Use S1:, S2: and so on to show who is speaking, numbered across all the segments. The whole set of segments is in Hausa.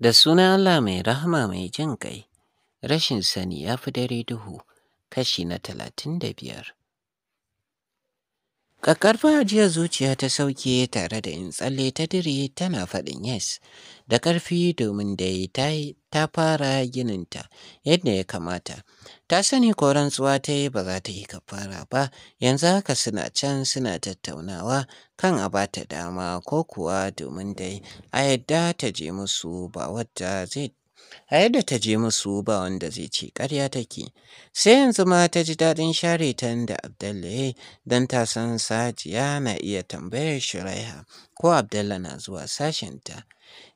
S1: Da suna Allah mai rahama mai jin ƙai, rashin sani ya fi dare duhu, kashi na talatin da biyar. Ƙaƙarfa jiya zuciya ta sauke tare da in tsalle ta dire tana faɗin yes da ƙarfi domin dai ta fara gininta yadda ya kamata. Ta sani ko rantsuwa ta yi ba za ta yi kafara ba, yanzu haka suna can suna tattaunawa kan a bata dama ko kuwa domin dai a yadda ta je musu ba wadda zai a yadda ta je musu ba wanda zai ce ƙarya take sai yanzu ma ta ji daɗin share ta da abdalla eh, don ta san sajiya na iya tambayar shiraiha ko abdalla na zuwa sashenta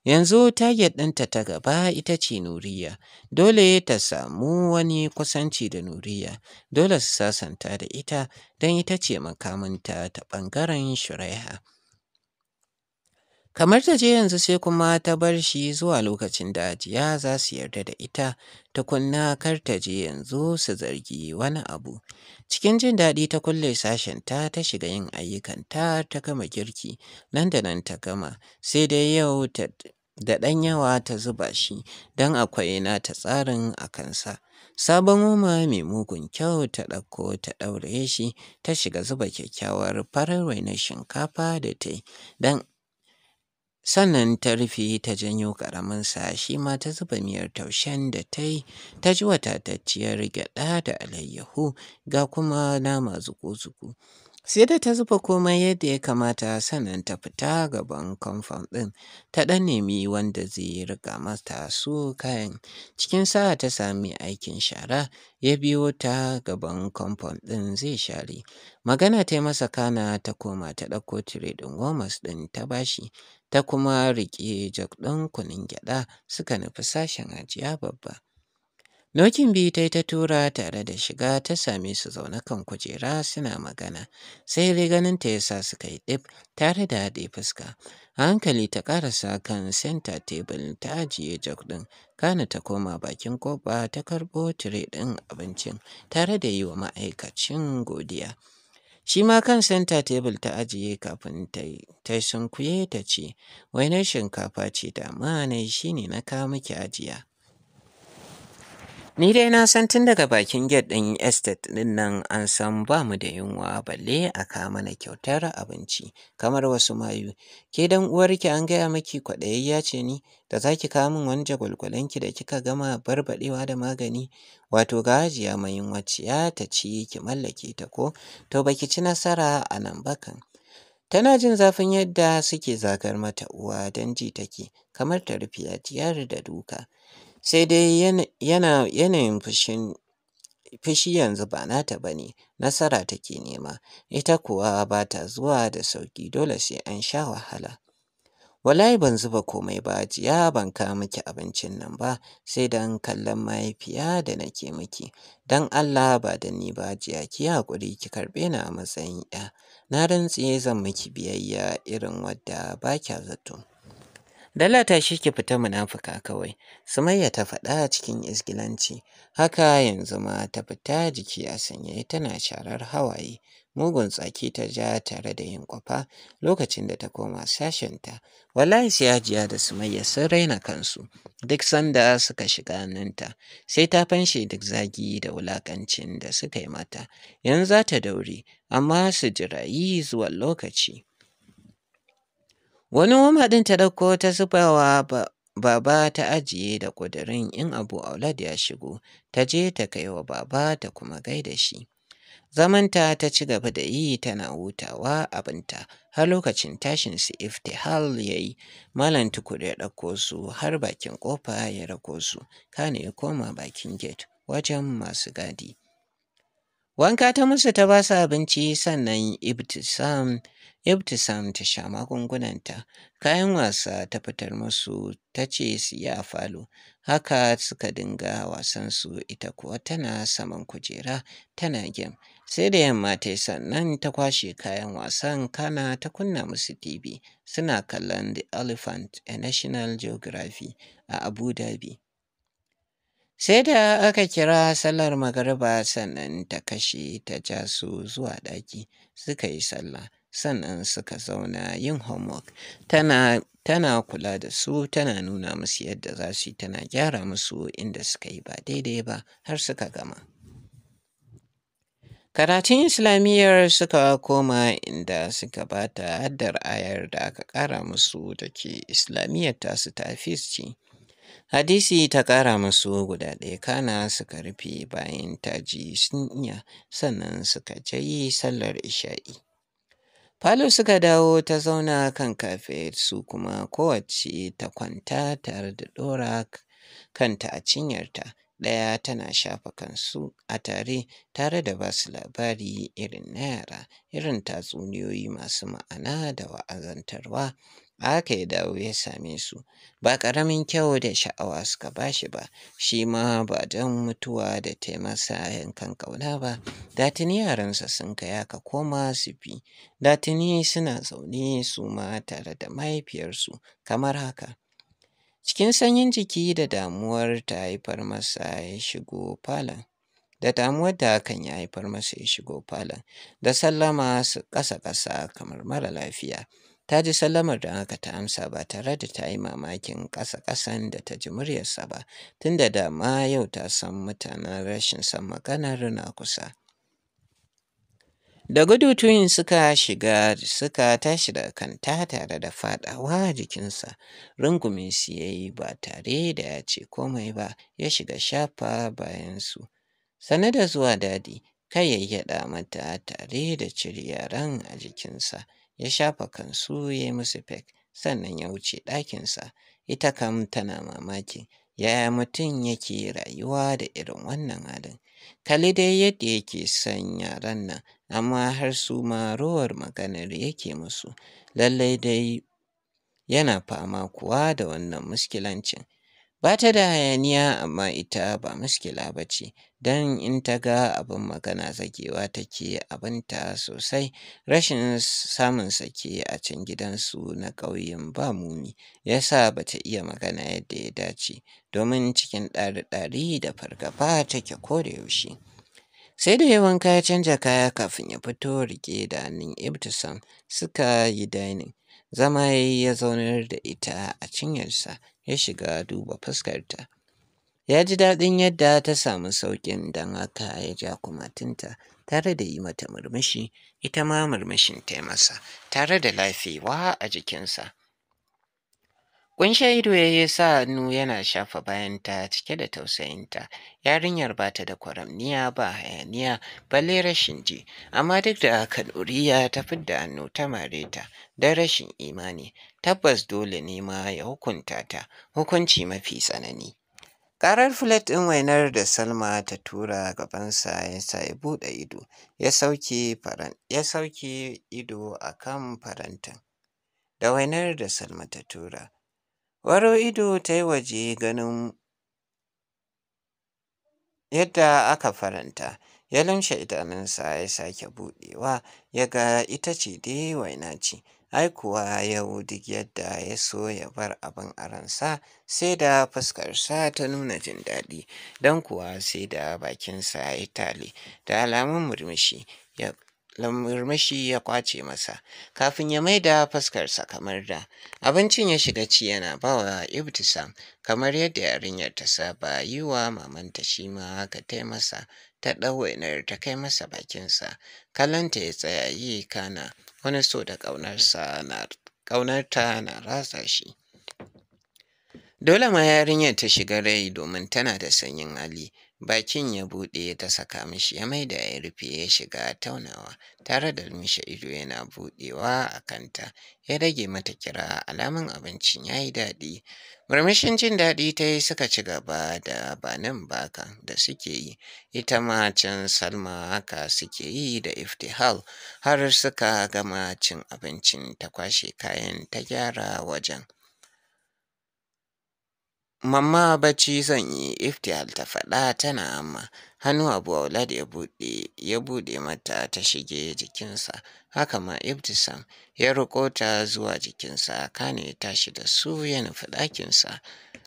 S1: yanzu target ɗinta ta gaba ita ce nuriya dole ta samu wani kusanci da nuriya dole su sasanta da ita don ita ce makamanta ta ɓangaren shiraiha kamar ta je yanzu sai kuma ta bar shi zuwa lokacin da ajiya za su yarda da ita tukunna kar ta je yanzu su zargi wani abu cikin jin daɗi ta kulle sashenta ta shiga yin ayyukanta ta gama girki nan da nan ta gama sai dai yau da ɗan yawa ta zuba shi don akwai na ta tsarin a kansa sabon Uma mai mugun kyau ta ɗauko ta ɗaure shi ta shiga zuba kyakkyawar farar na shinkafa da ta yi sannan ta rufe ta janyo ƙaramin sa, shi ma ta zuba miyar taushen da ta yi ta ji wata watatacciyar gyaɗa da alayyahu ga kuma nama zuku-zuku sai da ta zuba komai yadda ya kamata sannan ta fita gaban kamfan ɗin ta ɗan nemi wanda zai riga mata su kayan cikin sa'a ta sami aikin shara ya biyo ta gaban kamfan ɗin zai share magana ta yi masa kana ta koma ta ɗauko tire ɗin Gomas ɗin ta bashi ta kuma riƙe jug ɗin kunun gyaɗa suka nufi sashen ajiya babba Nokin biyu ta yi ta tura tare da shiga ta same su zaune kan kujera suna magana, sai riganinta ya sa suka yi ɗib tare da haɗe fuska. hankali ta ƙarasa kan senta tebul ta ajiye jog ɗin, kana ta koma bakin ƙofa ta karɓo tire ɗin abincin tare da yi wa ma'aikacin godiya. Shi ma kan senta tebul ta ajiye kafin ta yi, sunkuye ta ce, wainar shinkafa ce da ma shine, na kawo miki ajiya. Ni dai na san tun daga bakin gate ɗin estate ɗin nan an san ba mu da yunwa balle a ka mana kyautar abinci kamar wasu mayu. Ke dan ki an gaya maki kwaɗayayya ce ni da za ki kawo min wani ki da kika gama barbaɗewa da magani wato ga hajiya mai yunwaciya ta ci ki mallake ta ko to baki ci nasara a nan bakan. Tana jin zafin yadda suke zagar mata uwa don ji take kamar ta rufe da duka. sai dai yanayin fushi yanzu ba nata ba ne, nasara take nema, ita kuwa ba ta zuwa da sauki dole sai an sha wahala. Wallahi ban zuba komai ba jiya ban ka miki abincin nan ba sai dan kallon mahaifiya da nake miki. Dan Allah ba da ni ba jiya ki hakuri, ki karɓe na a matsayin 'ya. Na rantse zan miki biyayya irin wadda ba kya zato. Dala ta shi ke fita munafuka kawai, Sumayya ta faɗa cikin izgilanci haka yanzu ma ta fita jiki a sanye tana sharar hawaye, mugun tsaki ta ja tare da yin kwafa lokacin da ta koma sashenta. Wallahi sai ajiya da Sumayya sun raina kansu, duk sanda suka shiga ninta, sai ta fanshe duk zagi da wulakancin da suka yi mata, yanzu za ta daure, amma su jirayi zuwa lokaci. Wani woma haɗin ta ɗauko ta zubawa ba baba ta ajiye da ƙudurin in abu aulad ya shigo, ta je ta kai wa baba ta kuma gaida shi. Zamanta ta ci gaba da yi tana hutawa abinta har lokacin tashin su iftihal ya yi, malam tukuru ya ɗauko su har bakin ƙofa ya rako su, kane ya koma bakin gate wajen masu gadi. Wanka ta musu ta ba su abinci sannan Ibtisam Ibtisam ta sha magungunanta, kayan wasa ta fitar musu ta ce su yi a falo, haka suka dinga wasan su ita kuwa tana saman kujera tana gem. Sai da yamma ta yi sannan ta kwashe kayan wasan kana ta kunna musu TV suna kallon The Elephant a National Geography a Abu Dhabi. Sai da aka kira sallar magariba sannan ta kashe ta ja su zuwa ɗaki suka yi sallah sannan suka zauna yin homework tana tana kula da su tana nuna musu yadda za su yi tana gyara musu inda suka yi ba daidai ba har suka gama. Karatun Islamiyyar suka koma inda suka ba ta haddar ayar da aka ƙara musu da ke Islamiyyar tasu ta ce. Hadisi ta ƙara musu guda ɗaya kana suka rufe bayan ta ji sun iya sannan suka je yi sallar isha'i. Falo suka dawo ta zauna kan kafe su kuma kowacce ta kwanta tare da ɗora kanta a cinyarta ɗaya tana shafa kansu a tare tare da basu labari irin na yara irin tatsuniyoyi masu ma'ana da wa'azantarwa haka ya dawo ya same su ba ƙaramin kyau da sha'awa suka ba shi ba shi ma ba don mutuwa da taimasa yankan kauna ba datini yaransa sun kaya ka koma su fi. datini suna zaune su ma tare da mahaifiyarsu kamar haka Cikin sanyin jiki da damuwar ta haifar masa ya shigo falon. Da damuwar da hakan ya haifar masa ya shigo falon. Da sallama su ƙasa-ƙasa kamar mara lafiya. Ta ji sallamar da haka ta amsa ba tare da ta yi mamakin ƙasa-ƙasan da ta ji muryarsa ba, tunda da ma yau ta san mutanen rashin san maganar na kusa. Da gudu tuyin suka shiga suka tashi da kanta tare da faɗawa jikinsa, rungume su ya yi ba tare da ya ce komai ba ya shiga shafa bayansu. Sane da zuwa dadi, kai ya mata tare da cire yaran a jikinsa, ya shafa kansu ya yi musu fek, sannan ya wuce ɗakinsa, ita kam tana mamaki, yaya mutum yake rayuwa da irin wannan halin kali dai yadda yake son yaran nan amma har su ma rowar maganar yake musu lallai dai yana fama kuwa da wannan muskilancin Ba ta da hayaniya amma ita ba muskila ba ce, don in ta ga abin magana zagewa take abinta sosai, rashin samun sake a can gidansu na ƙauyen ba muni, ya sa ba ta iya magana yadda ya dace, domin cikin ɗari-ɗari da fargaba take yaushe Sai da yawan kaya ya canja kaya kafin ya fito riƙe da hannun Ibtisam suka yi dainin. Zama ya ya zaunar da ita a cinyarsa ya shiga duba fuskarta. Ya ji daɗin yadda ta samu sauƙin don haka ya ja kumatinta tare da yi mata murmushi, ita ma murmushin ta tare da lafewa a jikinsa. Ƙunshe ido ya yi sa nu yana shafa bayanta cike da tausayinta, yarinyar ba ta da kwaramniya ba hayaniya balle rashin ji, amma duk da haka ya ta fidda hannu ta mare ta don rashin imani, tabbas dole ne ma ya hukunta ta, hukunci mafi tsanani. Ƙarar fulat ɗin wainar da Salma ta tura gabansa ya sa ya buɗe ido, ya sauke ido a kan farantin. Da wainar da Salma ta tura, Waro ido ta yi waje ganin yadda aka faranta, ya lumshe idanunsa ya sake buɗewa ya ga ita ce dai waina ce, ai kuwa yau duk yadda ya so ya bar abin a ransa sai da fuskarsa ta nuna jin daɗi, don kuwa sai da bakinsa ya tale da alamun murmushi. murmushi ya kwace masa kafin ya maida fuskarsa kamar da abincin ya shiga ci yana wa ibtisam kamar yadda yarinyar ta saba yi wa mamanta shi ma ka ta masa ta ɗauwainar ta kai masa bakinsa kalanta ya tsaya yi kana wani so da ƙaunarta na rasa shi dole ma yarinyar ta shiga rai domin tana da sanyin hali bakin ya buɗe ta saka mishi ya mai da ya rufe ya shiga taunawa tare da mishi ido yana buɗewa a kanta ya rage mata kira alaman abincin ya yi daɗi murmushin jin daɗi ta yi suka ci gaba da banin baka da suke yi ita ma can salma haka suke yi da iftihal har suka gama cin abincin ta kwashe kayan ta gyara wajen Mamma bacci zan yi, Iftihar ta faɗa tana amma. Hannu Abu Aulad ya buɗe, ya buɗe mata ta shige jikinsa. Haka ma iftisam ya riƙo ta zuwa jikinsa, kane tashi da su ya nufi ɗakinsa.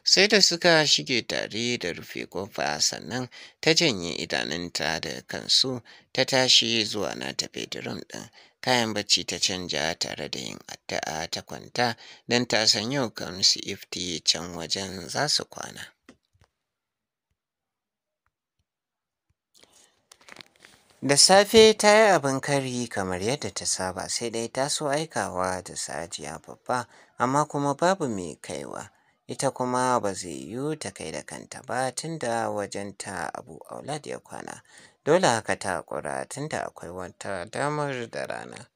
S1: Sai da suka shige tare da rufe ƙofa sannan ta janye idanunta da kansu ta tashi zuwa na nata bedroom ɗin. kayan bacci ta canja tare da yin addu'a ta kwanta don ta san yau kan su ifti can wajen za su kwana. Da safe ta yi abin kari kamar yadda ta saba sai dai ta so aikawa da sajiya babba amma kuma babu mai kaiwa. ita kuma ba zai yiwu ta kai da kanta ba tunda wajenta abu aulad ya kwana dole haka ta haƙura tunda akwai wata damar da rana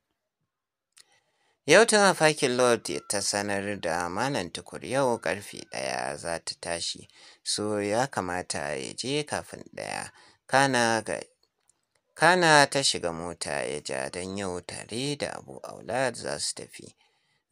S1: yau tana fakin lord ta sanar da manan tukur yau karfe ɗaya za ta tashi so ya kamata ya je kafin ɗaya kana kana ta shiga mota ya ja don yau tare da abu aulad za su tafi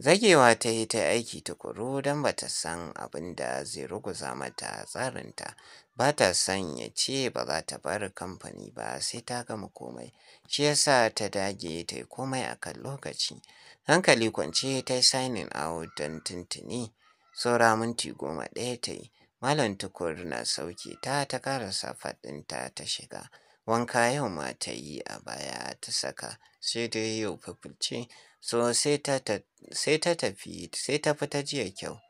S1: Zagewa ta yi ta aiki tukuru don ba ta san abin da zai ruguza mata tsarinta, ba ta son ya ce ba za ta bar kamfani ba sai ta gama komai, shi yasa ta dage ta yi komai a kan lokaci. Hankali kwance ta yi sainin out don tuntuni, saura minti goma ɗaya ta yi, Malam Tukur na sauke ta ta karasa faɗinta ta shiga, wanka yau ma ta yi a baya ta saka, sai dai yau fufulce. so sai ta tafi sai ta jiya kyau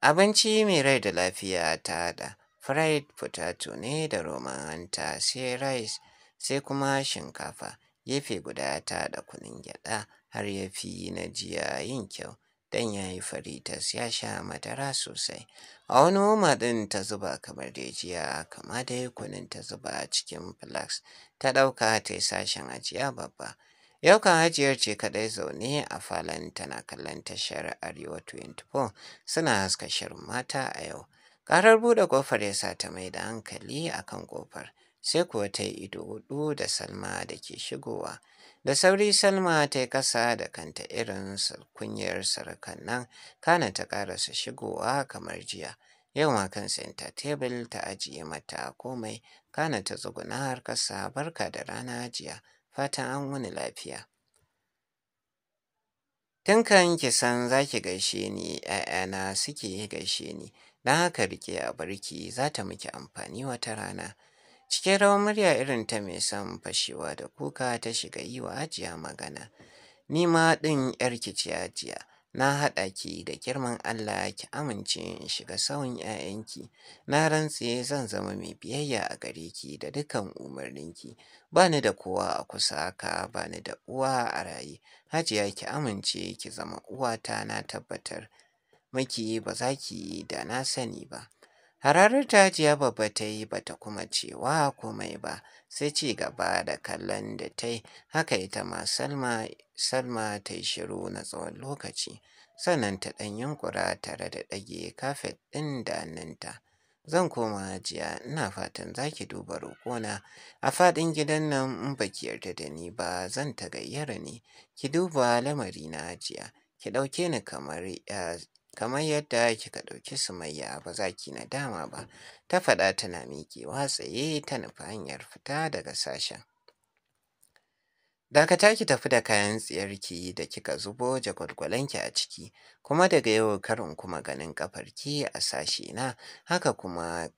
S1: abinci mai rai da lafiya ta haɗa fried potato ne da roman hanta sai rice sai kuma shinkafa gefe guda ta da kunin gyaɗa har ya fi na jiya yin kyau Dan ya yi fari tas ya sha madara sosai. A wani woma ɗin ta zuba kamar da jiya kama dai kunin ta zuba a cikin flax ta ɗauka ta yi sashen ajiya babba. Yau kan hajiyar ce kadai zaune a falon tana kallon tashar Arewa 24 suna haska shirin mata a yau. Karar buɗe kofar ya sa ta mai da hankali akan kofar, sai kuwa ta yi ido hudu da Salma da ke shigowa. Da sauri Salma ta yi ƙasa da kanta irin kunyar sarakan nan, kana ta ƙarasa shigowa kamar jiya. Yau ma kan senta tebul ta ajiye mata komai, kana ta tsuguna har ƙasa barka da rana jiya, fatan an wani lafiya. Tun kan ki san za ki gaishe ni ‘ya'yana suke gaishe ni, don haka rike a barki za ta miki amfani wata rana. Cikin rawar murya irin ta mai son fashewa da kuka ta shiga yi wa Hajiya magana. Ni ma ɗin ‘yarki ce ajiya na haɗa ki da girman Allah ki amince in shiga sawun ‘ya'yanki, na rantse zan zama mai biyayya a gare ki da dukan umarninki, ba ni da kowa a kusa ka, ba ni da uwa a raye, Hajiya ki amince ki zama uwata na tabbatar. Maki ba za ki yi da na sani ba. Hararar ta jiya babba ta yi bata kuma cewa komai ba, sai ci gaba da kallon da ta yi, haka ita ma Salma, ta yi shiru na tsawon lokaci, sannan ta ɗan yunkura tare da ɗage kafet ɗin da hannunta. Zan koma jiya ina fatan za ki duba roƙona, a faɗin gidan nan in ba ki yarda da ni ba zan ta gayyara ne, ki duba lamari na ki ɗauke ni kamar kamar yadda kika ɗauki sumayya ba za ki dama ba ta faɗa tana miƙewa tsaye ta nufi hanyar fita daga sashen dakata ki tafi da kayan tsiyarki da kika zubo jagwalgwalanki a ciki kuma daga yau karin kuma ganin ƙafarki a sashe na haka kuma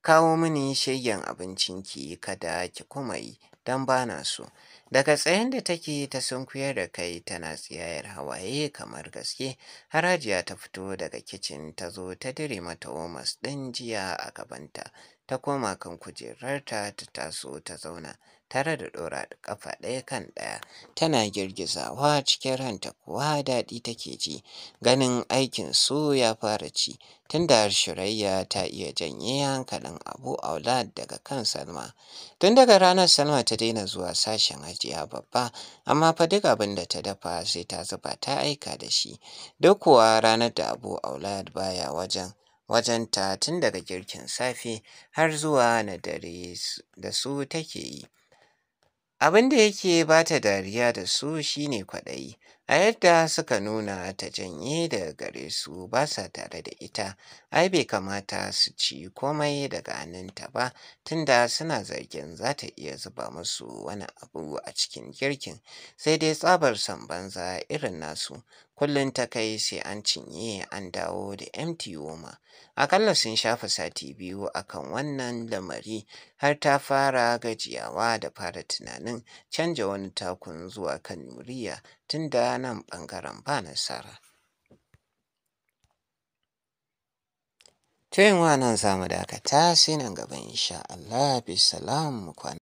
S1: kawo mini shegen abincinki kada ki kuma yi don ba na so. Daga tsayen da take ta sunkuyar da kai tana tsiyayar hawaye kamar gaske, harajiya ta fito daga kicin ta zo ta dire mata omas ɗin jiya a gabanta, ta koma kan kujerarta ta taso ta zauna. tare da ɗora da ƙafa ɗaya kan ɗaya tana girgizawa cikin ranta kuwa daɗi take ji ganin aikin su ya fara ci tunda shirayya ta iya janye hankalin abu aulad daga kan salma tun daga ranar salma ta daina zuwa sashen ajiya babba amma fa duk abin da ta dafa sai ta zuba ta aika da shi duk kuwa ranar da abu aulad baya wajen wajenta tun daga girkin safe har zuwa na dare da su take yi Abin da yake ba ta dariya da su shine ne kwaɗayi, a yadda suka nuna ta janye da gare su ba sa tare da ita, ai bai kamata su ci komai daga hannunta ba, tunda suna zargin za ta iya zuba musu wani abu a cikin girkin, sai dai tsabar son banza irin nasu, kullum ta kai sai an cinye an dawo da empty woman Akalla sun shafa sati biyu akan wannan lamari har ta fara gajiyawa da fara tunanin canja wani takun zuwa kan Nuriya tun da nan bangaren ba nasara. To wa nan za mu dakata sai nan gaba insha Allah bisalam kwana.